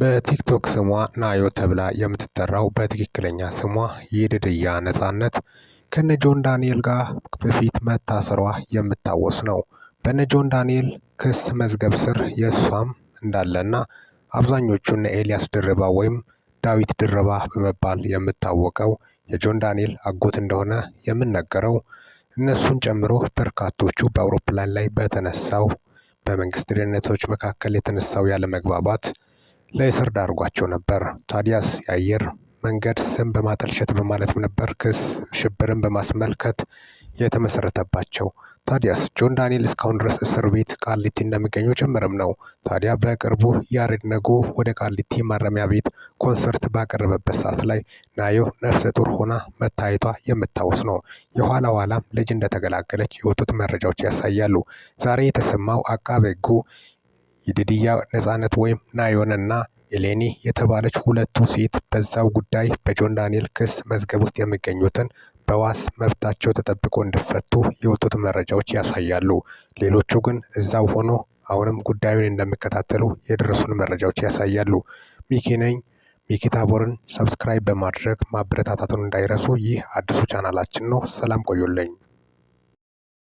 በቲክቶክ ስሟ ናዮ ተብላ የምትጠራው በትክክለኛ ስሟ የድድያ ነጻነት ከነ ጆን ዳንኤል ጋር በፊት መታሰሯ የምታወስ ነው። በነ ጆን ዳንኤል ክስ መዝገብ ስር የእሷም እንዳለና አብዛኞቹን ኤልያስ ድርባ ወይም ዳዊት ድርባ በመባል የምታወቀው የጆን ዳንኤል አጎት እንደሆነ የምነገረው እነሱን ጨምሮ በርካቶቹ በአውሮፕላን ላይ በተነሳው በመንግስት ደህንነቶች መካከል የተነሳው ያለመግባባት ለእስር ዳርጓቸው ነበር። ታዲያስ የአየር መንገድ ስም በማጠልሸት በማለትም ነበር ክስ ሽብርን በማስመልከት የተመሰረተባቸው። ታዲያስ ጆን ዳንኤል እስካሁን ድረስ እስር ቤት ቃሊቲ እንደሚገኘው ጭምርም ነው። ታዲያ በቅርቡ ያሬድ ነጎ ወደ ቃሊቲ ማረሚያ ቤት ኮንሰርት ባቀረበበት ሰዓት ላይ ናዮ ነፍሰ ጡር ሆና መታየቷ የምታወስ ነው። የኋላ ኋላም ልጅ እንደተገላገለች የወጡት መረጃዎች ያሳያሉ። ዛሬ የተሰማው አቃቤ ሕጉ የድድያ ነጻነት ወይም ናዮንና ኤሌኒ የተባለች ሁለቱ ሴት በዛው ጉዳይ በጆን ዳንኤል ክስ መዝገብ ውስጥ የሚገኙትን በዋስ መብታቸው ተጠብቆ እንዲፈቱ የወጡት መረጃዎች ያሳያሉ። ሌሎቹ ግን እዛው ሆኖ አሁንም ጉዳዩን እንደሚከታተሉ የደረሱን መረጃዎች ያሳያሉ። ሚኪ ነኝ። ሚኪ ታቦርን ሰብስክራይብ በማድረግ ማበረታታቱን እንዳይረሱ። ይህ አዲሱ ቻናላችን ነው። ሰላም ቆዩልኝ።